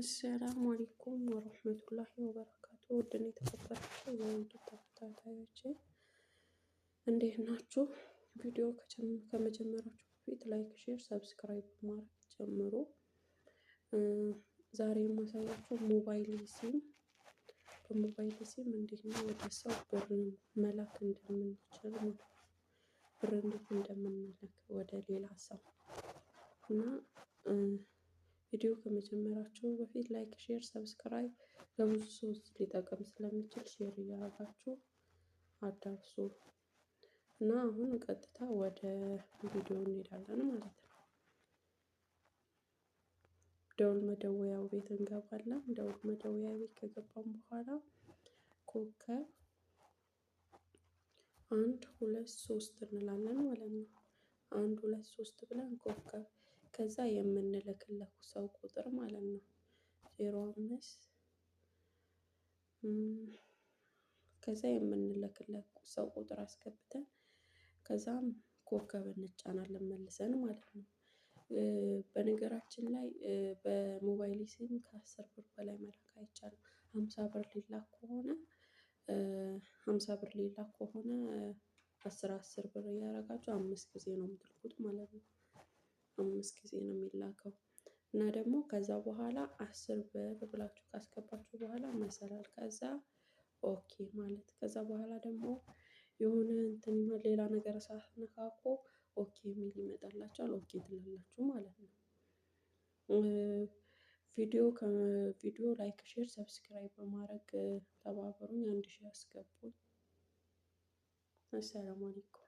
አሰላሙ አሌይኩም ወረህመቱላሂ ወበረካቱ። ውድን የተከበራችሁ የውድ ተከታታዮቼ እንዴት ናችሁ? ቪዲዮ ከመጀመራችሁ በፊት ላይክ፣ ሼር፣ ሰብስክራይብ ማድረግ ጀምሩ። ዛሬ የማሳያቸው ሞባይል ሲም በሞባይል ሲም እንዴት ነው ወደ ሰው ብር መላክ እንደምንችል ብር እንዴት እንደምንላክ ወደ ሌላ ሰው እና ቪዲዮ ከመጀመራችሁ በፊት ላይክ፣ ሼር፣ ሰብስክራይብ ለብዙ ሰዎች ሊጠቀም ስለሚችል ሼር እያደረጋችሁ አዳርሱ እና አሁን ቀጥታ ወደ ቪዲዮ እንሄዳለን ማለት ነው። ደውል መደወያው ቤት እንገባለን። ደውል መደወያ ቤት ከገባን በኋላ ኮከብ አንድ ሁለት ሶስት እንላለን ማለት ነው። አንድ ሁለት ሶስት ብለን ኮከብ ከዛ የምንልክለት ሰው ቁጥር ማለት ነው ዜሮ አምስት ከዛ የምንልክለት ሰው ቁጥር አስገብተን ከዛም ኮከብ እንጫናለን መልሰን ማለት ነው። በነገራችን ላይ በሞባይል ሲም ከአስር ብር በላይ መላክ አይቻልም። ሀምሳ ብር ሊላክ ከሆነ ሀምሳ ብር ሊላክ ከሆነ አስር አስር ብር እያረጋችሁ አምስት ጊዜ ነው የምትልኩት ማለት ነው። አምስት ጊዜ ነው የሚላከው እና ደግሞ ከዛ በኋላ አስር ብር ብላችሁ ካስገባችሁ በኋላ መሰላል ከዛ ኦኬ ማለት ከዛ በኋላ ደግሞ የሆነ እንትን ሌላ ነገር ሳትነካኩ ኦኬ የሚል ይመጣላችኋል። ኦኬ ትላላችሁ ማለት ነው። ቪዲዮ ከቪዲዮ ላይክ፣ ሼር፣ ሰብስክራይብ በማድረግ ተባበሩኝ። አንድ ሺህ አስገቡኝ። አሰላሙ አለይኩም